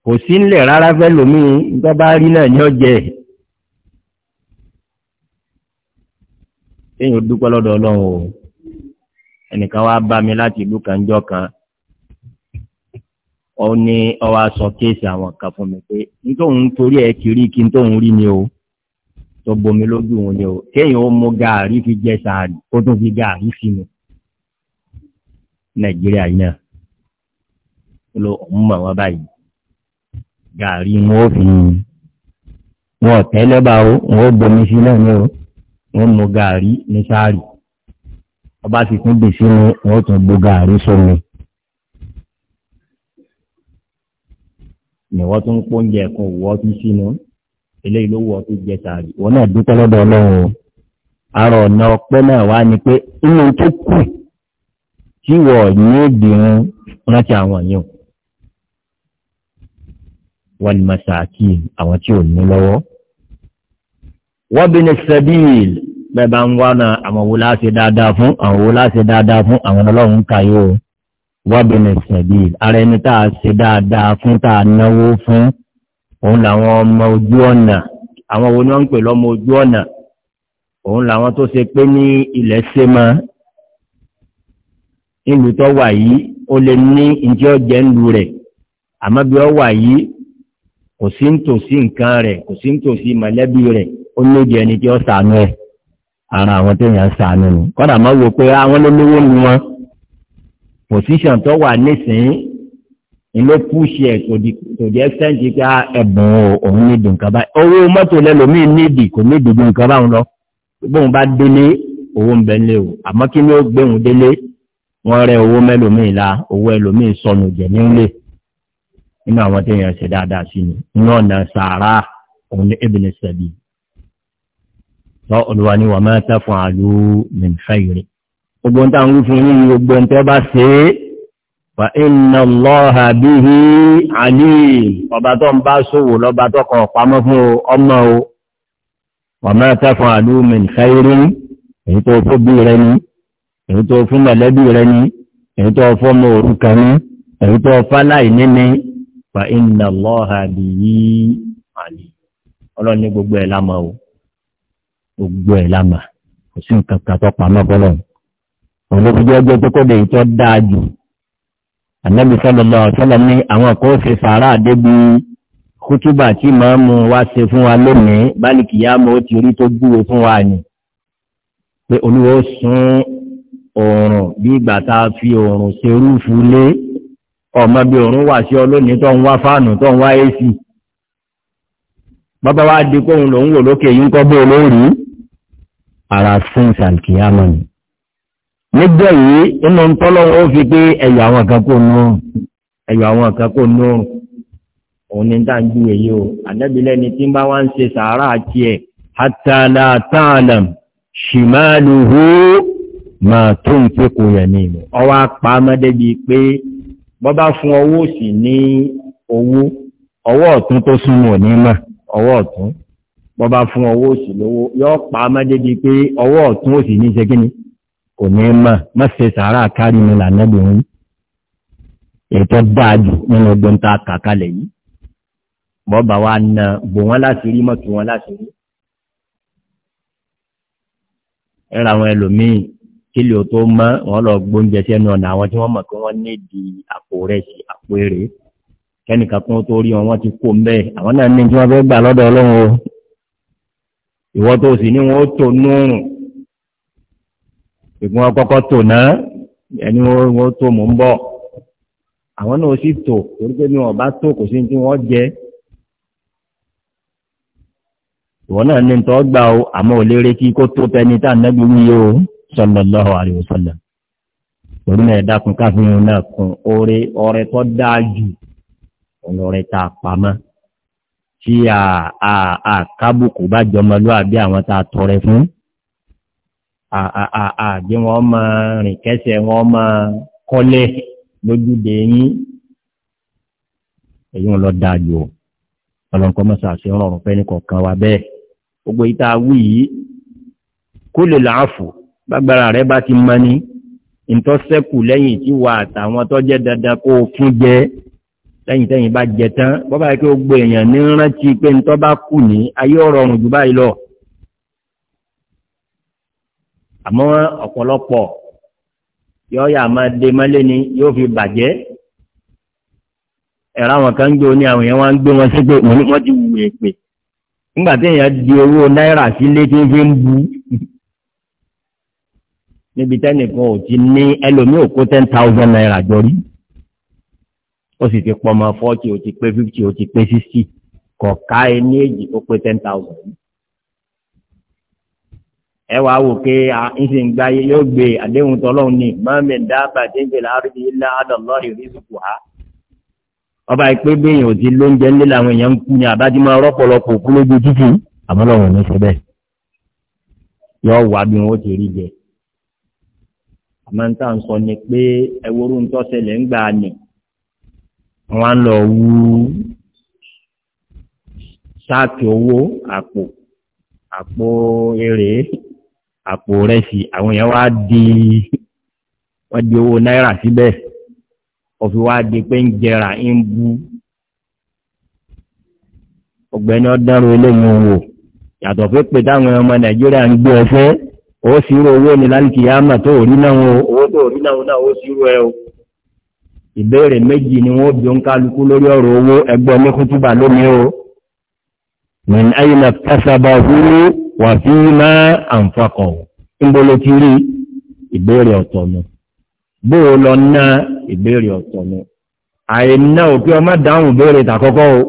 kò sí ńlẹ̀ rárá fẹ́ lòmíì tó bá rí náà ní ọjẹ́ èèyàn dúpẹ́ lọ́dọ̀ ọlọ́run o ẹnìkan wá bá mi láti ìlú kan jọ kan ó ní ọwọ́ aṣọ kéèsì àwọn kan fún mi pé nítorí òun torí ẹ kiri kí n tóun rí ni o tó bomi lójú òun ni o kéèyàn ó mú gàárì fi jẹ sàárì kó tún fi gàárì sínú nàìjíríà yìí náà ló ń mọ̀ wọ́n báyìí gàárì wọn ò fi wọn tẹ́lẹ̀ bá o wọn ò bomi sí náà ni o wọn mú gàárì ní sàárì ọba sì tún bèsè ni wọn tún bu gàárì sómi. ni wọ́n tún kó oúnjẹ kan wọ́ tún sínú eléyìí ló wọ́ tún jẹ sàárì wọn náà dúpẹ́ lọ́dọ̀ ọlọ́run àrò ọ̀nà ọpẹ́ náà wá ni pé inú tó kù tí wọ́n ní ìdìrún rántí àwọn yìí wọ́n ní masaaki àwọn tí ò ní lọ́wọ́ wọ́n bí ní sẹ́bíìl bẹ́ẹ̀ bá ń wá náà àwọn wo láti dáadáa fún àwọn wo láti dáadáa fún àwọn ọlọ́run kàyó o wábìnrin ìsẹ̀bí ara ẹni tá a ṣe dáadáa fún tá a náwó fún òun làwọn ọmọ ojú ọ̀nà àwọn wo ni wọ́n ń pè lọ́mọ ojú ọ̀nà òun làwọn tó ṣe pé ní ilẹ̀ ṣe mọ́ ìlú tó wà yìí ó lè ní ìjẹ́ ọ̀jẹ̀ ń rẹ̀ àmọ́ bí ó wà yìí kò sí ń nǹkan rẹ̀ kò sí ń mọ̀lẹ́bí rẹ̀ ó ní ẹni tí ó ṣàánú ẹ̀ ara àwọn tó yàn ṣàánú ni kọ́dà máa wò pé àwọn lólówó ni wọ́n position tó wà nísìnyí ilé púùsì kò jẹ́ sẹ́ǹtì pé ah, ẹ̀bùn òun nídìí nǹkan owó mọ́tò lẹ́lòmíì nídìí kò nídìí ju nǹkan báwọn lọ bóun bá délé owó ń bẹ lé o àmọ́ kí ni ó gbéhùn délé wọ́n rẹ owó mẹ́lòmíì la owó ẹlòmíì sọnù jẹ̀ nílé nínú àwọn téèyàn ṣe dáadáa sí ni nínú ọ̀nà sàárà òun ní ebìnrin sẹ́bi tọ́ olùwà ni wàá máa tẹ́ fún gbogbo ń tàn wífún yìí gbogbo ń tẹ́ bá ṣe é fa inna Allaha bihi alim ọba tó ń bá ṣòwò lọ́ba tó kọ̀ pamọ́ fún ọmọ o wa ma taf'alu min khairin èyí tó fún bí rẹ ni èyí tó fún mọ̀lẹ́bí rẹ ni èyí tó fún ọmọ òrukàn ni èyí tó fáláì níní fa inna Allaha bihi alim ọlọ́run ní gbogbo ẹ̀ lámà o gbogbo ẹ̀ lámà kò sí nǹkan kan tó pamọ́ fọlọ́run olùkújọ́ jẹ́ tó kóde ìtọ́ dáa jù ànábì sọ́lọ́lọ́ sọ́lọ́ ní àwọn kò ṣe sàárà débi kútúbà tí màá mú wa ṣe fún wa lónìí bálìkì yá mo ti rí tó gbúwe fún wa nì pé olúwo sún oòrùn bí ìgbà tá a fi oòrùn ṣe rúfu lé ọmọ bí oòrùn wà sí ọ lónìí tó ń wá fáànù tó ń wá èsì bàbá wa di kóhun lòún wò lókè yín kọ́ bó olórí ara sin sàlkìyàmọ̀ ni níjọ́ yìí inú ntọ́lọ́wọ́ ó fi pé ẹ̀yà àwọn kan nù ẹ̀yà àwọn kan nù òun ni tá ju èyí o àdẹ́bílẹ̀ ni tí ń bá wá ń ṣe sàárà tiẹ̀ hàtàlà tààlàm ṣìmáàlùhù máa tó ń pé kò yẹ̀ ní ìlú ọwọ́ apá mọ́dẹ́bi pé bọ́bá fún ọwọ́ òsì ní owó ọwọ́ ọ̀tún tó súnmọ́ ní mà ọwọ́ ọ̀tún bọ́bá fún ọwọ́ òsì lówó yọ pa mọ́dẹ́bi pé ọwọ́ ọ̀tún òsì ní ṣe kíni kò ní mọ̀ má ṣe sàárà kárí mi lànàbì wọn ètò dáàjù nínú ogun tá yìí bọ́ọ̀bà wa na bò wọ́n láti rí mọ́tò wọn láti rí ẹ̀rọ àwọn ẹlòmíì kí lè tó mọ́ wọn lọ gbóúnjẹ sẹ́nu ọ̀nà àwọn tí wọ́n mọ̀ pé wọ́n nídi àpò rẹ̀ sí àpò èrè kẹ́nìkan kan tó rí wọn wọ́n ti kó mbẹ́ àwọn náà ní tí wọ́n fẹ́ gbà lọ́dọ̀ ọlọ́run o ìwọ́ tó sì ní wọn ó tó núrùn ìgbìmọ̀ kọ́kọ́ tò náà ẹni wọ́n tó mò ń bọ̀ àwọn náà sì tò torí pé mi ò bá tó kò sí tí wọ́n jẹ ìwọ náà ní tọ́ gbà ó àmọ́ ò lè retí kó tó tẹni tá ànábì wíyé o sallallahu alaihi wasallam torí náà dákun káfíńù náà kun oore ọrẹ tó dáa jù ọlọrẹ tá a pamọ́ tí a a a kábùkù bá jọmọlúwàbí àwọn tá a tọrẹ fún àjẹ́ wọn mọ rìn kẹsẹ̀ wọn mọ kọ́lé lójúde yín èyí wọn lọ dáa jù ọlọ́nkọ́ mọ́sá sí rọrùn fẹ́ ní kọ̀ọ̀kan wa bẹ́ẹ̀ gbogbo ìta wí yìí kó lè làáfù gbàgbára rẹ bá ti mọ ni ìtọ́sẹ́kù lẹ́yìn tí wà àtàwọn tó jẹ́ dandan kó fún jẹ lẹ́yìn tẹ́yìn bá jẹ tán bọ́bá yẹ kí ó gbé èèyàn ní rántí pé ń tọ́ bá kù ní ayé ọ̀rọ̀ ọ̀rùn jù báyìí lọ àmọ́ ọ̀pọ̀lọpọ̀ yọ yà máa dé mọ́lé ni yóò fi bàjẹ́ ẹ̀rọ àwọn kan ń gbé oní àwọn èèyàn wá ń gbé wọn sígbè wọn ni wọ́n ti wù èpè nígbà tí èèyàn di owó náírà sílé tí ń fi ń bu níbi tẹ́nìkan ò ti ní ẹlòmíì ò ten thousand naira jọ rí ó sì ti pọ̀ mọ́ forty ó ti pé fifty ó ti pé sixty kọ̀ọ̀ká ẹni èjì ó pé ten thousand ẹ wàá wò pé à ń sì ń gba ayé yóò gbé àdéhùn tọ́lọ́hún ni mọ́mí dábà déńjẹ láàrín ilá àdọ̀lọ́ ìrísùkù ha ọba ìpé bẹ́yìn òdi lóúnjẹ ńlẹ́ làwọn èèyàn ń kú ni àbájúmọ́ rọ́pọ̀lọpọ̀ òkú lójú títì àmọ́ lọ́wọ́ ní ṣe bẹ́ẹ̀ yọ wà bí wọn ó ti rí jẹ àmọ́ níta ń sọ ni pé ẹwúrú ń tọ́sẹ̀lẹ̀ ń gbà ní wọn á lọ wú sáàkì owó àpò àpò èrè àpò rẹsì àwọn èèyàn wá di wọ́n di owó náírà síbẹ̀ òfin wá di pé ń jẹrà ń bu ọ̀gbẹ́ni ọ̀daràn eléyìí wò yàtọ̀ fún pé táwọn ọmọ nàìjíríà ń gbé ọfẹ́ ó ṣírò owó ní láǹkì yàmà tó rí náà owó tó rí náà náà ó ṣírò ẹ o ìbéèrè méjì ni wọ́n bí ó ń kálukú lórí ọ̀rọ̀ owó ẹgbẹ́ oníkútúbà lómi o min aina kasaba huru wà fí má àǹfàkọ̀ ńbolo ti rí ìbéèrè ọ̀tọ̀ mi bó o lọ ná ìbéèrè ọ̀tọ̀ mi àìná òkè ọmọ dáhùn ìbéèrè tàkọ́kọ́ o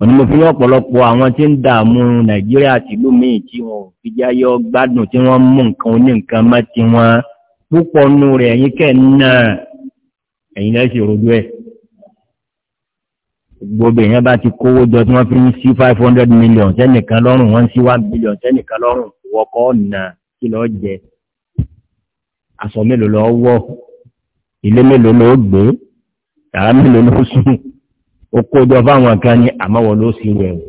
òní mo fi ní ọ̀pọ̀lọpọ̀ àwọn tí ń dààmú nàìjíríà tìlú míì tí wọn ò fi jáyọ gbádùn tí wọ́n mú nǹkan oní nǹkan má tiwọn púpọ̀ nù rẹ̀ kẹ́ ń ná gbogbo èèyàn bá ti kówó jọ tí wọ́n fi ń sí five hundred million sẹ́nìkan lọ́rùn wọ́n ń sí one million sẹ́nìkan lọ́rùn wọkọ́ ọ̀nà kí lọ́ọ́ jẹ aṣọ mélòó lọ́ọ́ wọ̀ ilé mélòó lọ́ọ́ gbé yàrá mélòó lọ́ọ́ sùn ó kójọ fáwọn kan ní àmọ́wọ́ ló sì rẹ̀ o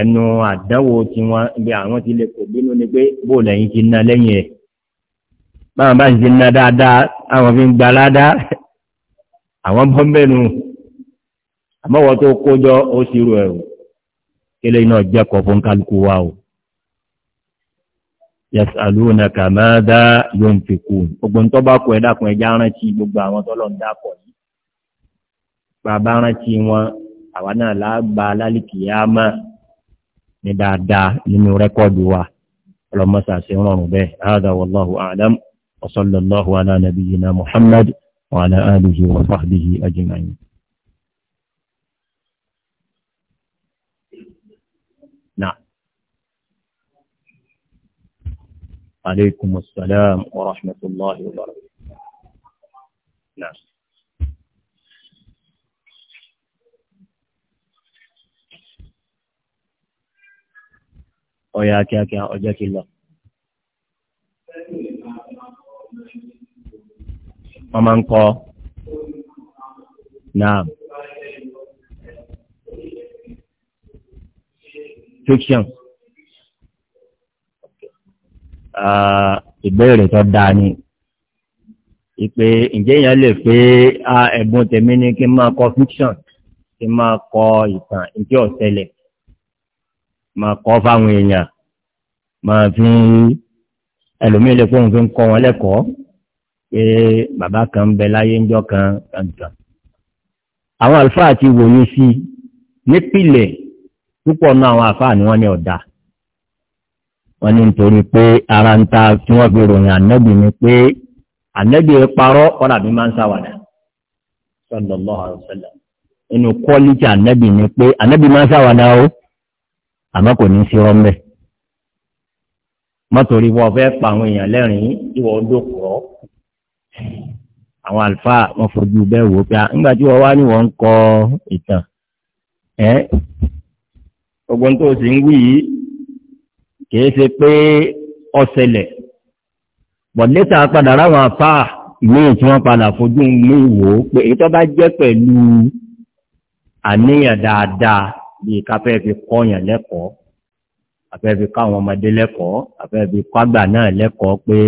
ẹnu àdánwò tí wọ́n bí àwọn ti lè kò bínú ni pé bó lẹ́yìn ti ná lẹ́yìn ẹ̀ báwọn bá ti ná dáadáa àwọn fi ń gbalá dá àwọn bọ́ mẹ́nu àmọ́ wọ́n tó kójọ ó sì rú ẹ̀rù kílé iná jẹ́kọ̀ọ́ fún kálukú wa o. yasalunaka madha yunfikun gbogbo ń tọ́ba kọ ẹ dákun ẹja rántí gbogbo àwọn tọ́lọ̀ ń dákọ̀ yìí. bàbá rántí wọn àwa náà lágbà lálìkìyàmá ní dáadáa nínú rẹ́kọ̀dù wa ọlọ́mọṣà ṣe rọrùn bẹ́ẹ̀ hādhā wallāhu a'lam wa sallallahu ala muhammad wa ala alihi wa نعم عليكم السلام ورحمة الله وبركاته نعم ọ̀yà kíákíá ọjọ́ ti الله wọ́n قال نعم restriction. ìbéèrè tó dáa ni ìpè ǹjẹ́ èèyàn lè pé ẹ̀bùn tèmi ni kí n máa kọ fiction kí n máa kọ ìtàn ìjọ ọ̀sẹ̀lẹ̀ máa kọ fáwọn èèyàn máa fi ẹlòmíì lè fóun fi ń kọ wọn lẹ́kọ̀ọ́ pé bàbá kan ń bẹ láyé ńjọ́ kan kankan àwọn àlùfáà ti wòye sí i nípìnlẹ̀ púpọ̀ náà àwọn àfáà ni wọ́n ní ọ̀dà wọ́n ní nítorí pé ara ń ta tí wọ́n fi ròyìn ànẹ́bì ni pé ànẹ́bì e parọ́ ọ̀rà mi máa ń ni pé ànẹ́bì máa ń o àmọ́ kò ní sí ọmọ ẹ̀ mọ́tòrí wọ́n fẹ́ pa àwọn èèyàn lẹ́rìn ìwọ àwọn fojú ọgbọ́n tó sì ń wí yìí kìí ṣe pé ọ̀sẹ̀lẹ̀ bọ̀dẹ́ta padà ráwọn afá ìwé tí wọ́n padà fojú mú wò ó pé èyí tó bá jẹ́ pẹ̀lú àníyàn dáadáa bíi káfẹ́ fi kọ́yàn lẹ́kọ̀ọ́ àfẹ́ fi káwọn ọmọdé lẹ́kọ̀ọ́ àfẹ́ fi kọ́gbà náà lẹ́kọ̀ọ́ pé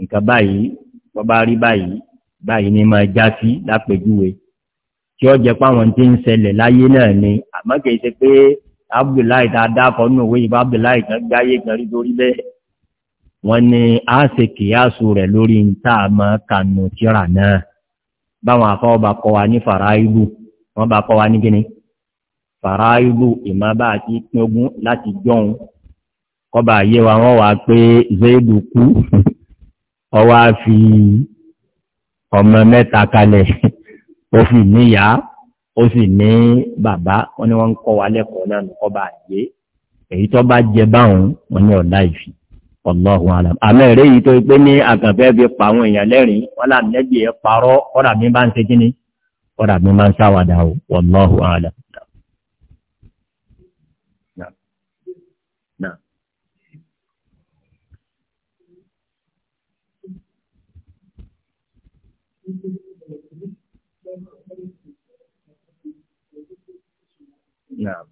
nǹkan báyìí wọ́n bá rí báyìí báyìí ni máa já sí lápèjúwe tí ó jẹ́ pé àwọn tí ń ṣẹlẹ̀ láyé náà ni àmọ́ kìí ṣe pé abdullahi tá a dákọ̀ nínú òwe ìbá abdullahi kan gbáyé kan rí torí bẹ́ẹ̀ wọ́n ní a ṣe kìyàsù rẹ̀ lórí níta àmọ́ kànú tíra náà báwọn afọ́ bá kọ́ wa ní faraidu wọ́n bá kọ́ wa ní kíni faraidu ìmọ̀ bá a ti pín ogún láti jọun kọ́ba àyè wa wọ́n wá pé zaidu kú ọwọ́ á fi ọmọ mẹ́ta kalẹ̀ ó fi níyàá ó sì ní bàbá wọn ni wọ́n ń kọ́ wa lẹ́kọ̀ọ́ náà nìkọ́ bá yé èyí tó bá jẹ báwọn wọn ní ọ̀la ìfì ọlọ́run alam àmọ́ èrè yìí tó pé ní àkànfẹ́ fi pa àwọn èèyàn lẹ́rìn wọn là nẹ́bí ẹ̀ parọ́ ọ̀rà mi bá ń ṣe kíni ọ̀rà mi bá ń ṣàwàdà o ọlọ́run alam. Thank you. náà.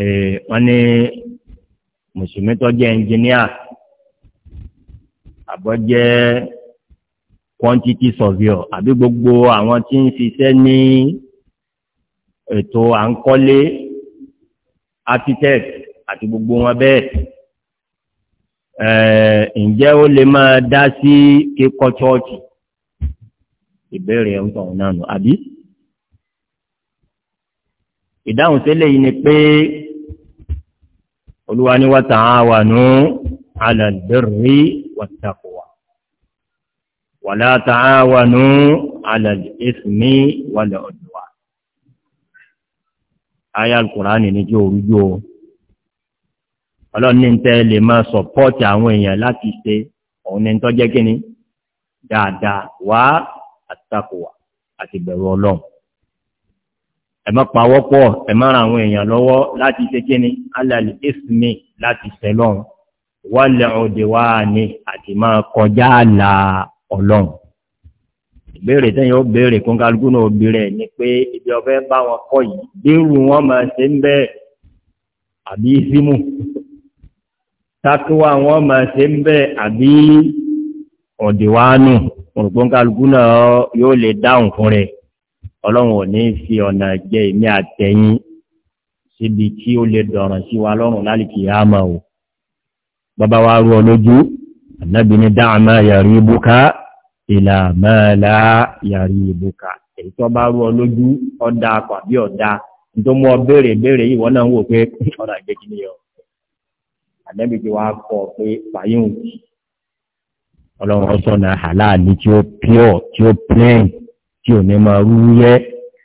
Eh, wọ́n ní mùsùlùmí tó jẹ́ ẹnjìníà àbọ̀ jẹ́ quantity surveyor àbí gbogbo àwọn tí ń ṣiṣẹ́ ní ètò à ń kọ́lé architect àti gbogbo wọn bẹ́ẹ̀ eh, ǹjẹ́ ó lè máa dá sí kíkọ́ chọ́ọ̀chì ìbéèrè ọ̀tọ̀ náà nù àbí. ìdáhùn tẹ́lẹ̀ yìí ni pé olúwa ní wa ta'awanu 'ala al-birri wat-taqwa wa la ta'awanu 'ala al-ithmi wal-'udwan. aya al-Qur'ani ní jẹ́ orújú o ọlọ́run ní lè máa sọ̀pọ́ọ̀tì àwọn èèyàn láti ṣe òun kínní dáadáa wàá. Atakuwa àti bẹ̀rù ọlọ́run. ẹ má pawọ́pọ̀ ẹ má ra àwọn èèyàn lọ́wọ́ láti ṣe kíni alàlì ismi láti ṣe lọ́run wálẹ̀ òde wá ní àti máa kọjá àlà ọlọ́run. ìbéèrè tẹ́yìn ó béèrè kó kálukú náà obìnrin ni pé ibi ọ̀fẹ́ bá wọn kọ́ yìí bírù wọn máa ṣe ń bẹ́ẹ̀ àbí símù tákíwá wọn máa ṣe ń bẹ́ẹ̀ àbí ọ̀dẹ̀wánù òrùpọ̀nkálukú náà yóò lè dáhùn fún rẹ̀ ọlọ́run ò ní fi ọ̀nà jẹ èmi àtẹ̀yìn síbi tí ó lè dọ̀ràn sí wa lọ́rùn lálìkì àmà o bàbá wa rú ọ lójú ànábì ní dáàmà yàrí ibùká ìlàmà là yàrí ibùká èyí tó bá rú ọ lójú ọ̀dà àpàbí ọ̀dà tó mú ọ béèrè yìí wọ́n náà wò pé ọ̀rọ̀ àjẹjì ni ọ ànábì pé fàyè ọlọ́run ọ̀sọ̀nà àláàlì tí ó pure tí ó plain tí ò ní máa wúyẹ́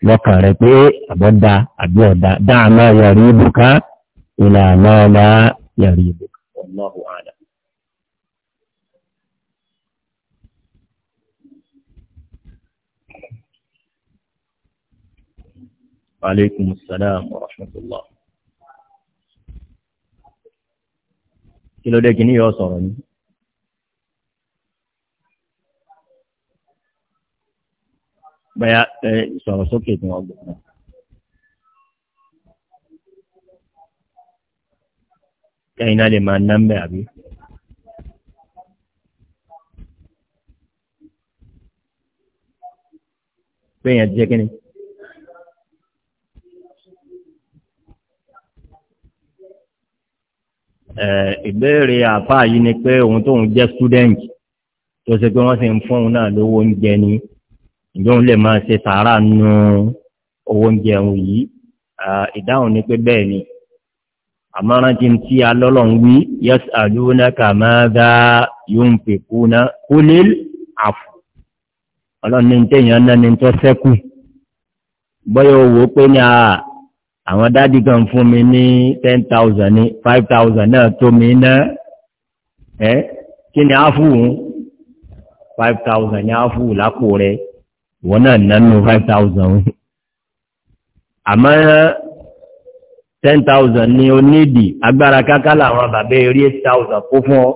lọ́kàn rẹ̀ pé àbọ̀dá àbí ọ̀dá dáàmà yàrí ibùká ìlànà ọ̀la yàrí ibùká ọlọ́run àdá. وعليكم السلام ورحمة الله. kí ده dé kí ni bẹ́ẹ̀ sọ̀rọ̀ sókè tí wọ́n gbọ́ náà. kẹ́yìn náà lè máa ná ń bẹ̀ àbí. péyàn ti jẹ́ kí ni. ìbéèrè àfáà yìí ni pé òun tóun jẹ́ student tó ṣe pé wọ́n sì ń fún òun náà lówó oúnjẹ ni. Uh, ǹjọ́ ń lè máa ṣe tààrà nu owó oúnjẹ òun yìí ìdáhùn ni pé bẹ́ẹ̀ ni àmọ́ràn tí ń tí alọ́lọ́ ń wí yẹ́sì àlúwọ́nà kàmáàdá yóò pè kúná kó lè àfù ọlọ́run ní tẹ̀yàn náà ní tó ten thousand ní five thousand náà tó mi ná ẹ́ kí ni àfù five thousand ní àfù lápò rẹ̀ ìwọ náà nánú five thousand wí. àmọ́ ten thousand ni o nídìí agbára káká làwọn bàbá eré eight thousand kó fún ọ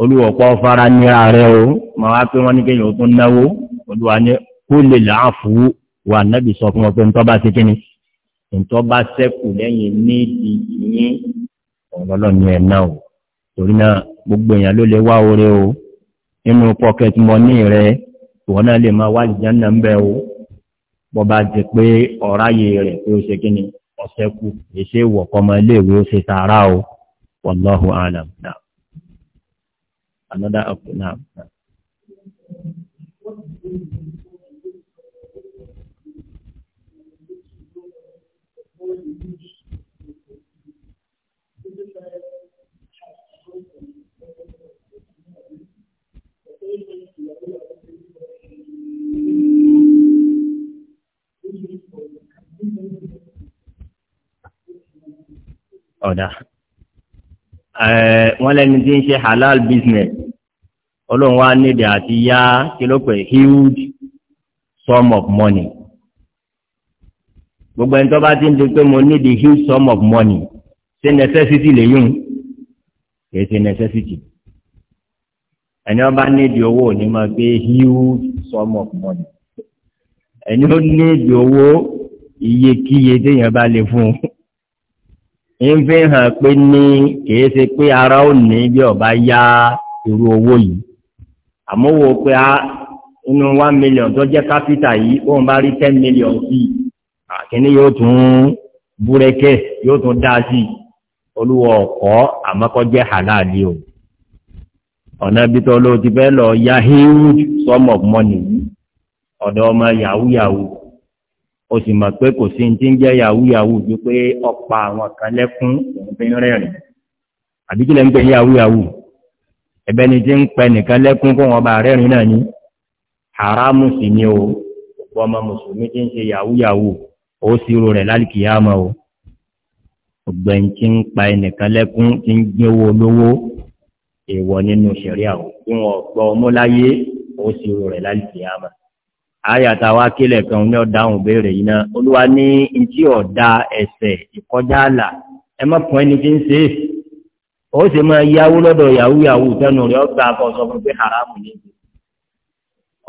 olùwọ̀pọ̀ fara nira rẹ o màá wá pé wọ́n ní kéèyàn tún náwó olùwà ní kó lè làáfù wà nábì sọ fún wọn pé ntọ́ bá ṣe kí ni ntọ́ bá ṣẹ́kù lẹ́yìn nídìí yín ọ̀rọ̀lọ́ni ẹ̀ náà o torí náà gbogbo èèyàn ló lè wá oore o nínú pocket money rẹ wọn náà lè máa wá àlìjánnà ń bẹ o bọ́ bá ti pé ọ̀ráyè rẹ̀ pé ṣe kí ni ọ̀sẹ̀ kù èṣe wọ̀kọ́ ọmọ iléèwé ó ṣe tààrà o wallahu alam náà ọ̀dà wọ́n lẹ́ni tí ń ṣe halal business ọlọ́run wá nídìí àti yá kí ló pè huge sum of money gbogbo ẹni tó bá ti ń di pé mo nídìí huge sum of money ṣe necessity lèyún kìí ṣe necessity ẹni ọba nídìí owó ní máa gbé huge sum of money ẹni ó nídìí owó iyekíye téèyàn bá lè fún un. ń fi hàn pé ní kìí pé ara ó ní bí ọba yá irú owó yìí àmọ́ pé a inú one million tó jẹ́ kápítà yìí òun bá rí ten million sí i àkíní yóò tún búrẹ́kẹ́ yóò tún dá sí i ọ̀kọ́ àmọ́ jẹ́ o ọ̀nà ló ti fẹ́ lọ ya sum of money ọ̀dọ̀ ọmọ o sì mọ̀ pé kò sí ti ń jẹ́ yahoo yahoo ju pé ọ̀pá àwọn kan lẹ́kún òun fi ń rẹ́rìn àbí kí lẹ́ ń pè yahoo ẹ̀bẹ́ ni ti ń pẹ nìkan lẹ́kún kó wọn bá rẹ́rìn náà ní haramu sì ni o ọ̀pọ̀ ọmọ mùsùlùmí ti ń ṣe yahoo yahoo ó sì rò rẹ̀ lálùkìyàmọ́ o ọ̀gbẹ́ni ti ń pa ẹnìkan lẹ́kún ti ń gbé owó olówó èèwọ̀ nínú ṣẹ̀ríà o bí wọn gbọ́ ó sì rò rẹ̀ lálùkìyàmọ́ àyàtà wa kílẹ̀ kan ní ọ̀dáhùn béèrè yìí náà olúwa ní ìtí ọ̀dá ẹ̀sẹ̀ ìkọjá àlà ẹ ẹni tí ń ṣe ó sì yáwó lọ́dọ̀ yahoo yahoo tẹnu rẹ̀ ọgbà kan fún pé haramu ni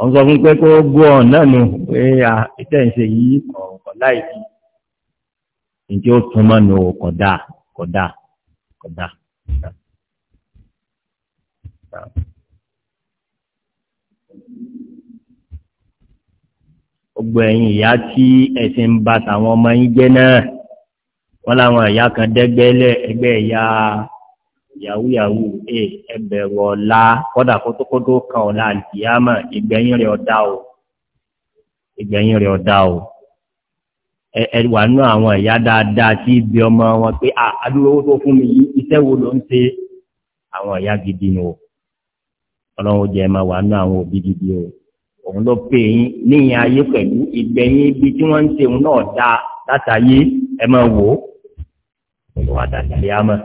ọ̀n sọ fún pé kó gbọ́ nù pé yìí ó tún mọ́ nù gbogbo ẹ̀yin ìyá tí ẹ̀sìn ń ba tàwọn ọmọ yín jẹ́ náà wọ́n láwọn ìyá kan dẹ́gbẹ́lẹ̀ ẹgbẹ́ ìyá yahoo yahoo ẹ ẹbẹ̀rù ọ̀la kọ́dà kótókótó kan ọ̀la àlìkìyàmọ̀ ìgbẹ̀yìn rẹ̀ ọ̀dà o ìgbẹ̀yìn rẹ̀ ọ̀dà o ẹ wà nú àwọn ìyá dáadáa tí ibi ọmọ wọn pé àdúró owó tó fún mi yìí iṣẹ́ wo ló ń ṣe àwọn ìyá gidi ni o ọlọ́run jẹ́ ẹ máa wà nú àwọn òbí gidi o òun ló pè yín níyìn ayé pẹ̀lú ìgbẹ̀yìn ibi tí wọ́n ń ṣe òun náà dá látàyé ẹ máa wò ó. olùwàdàdà yá mọ́.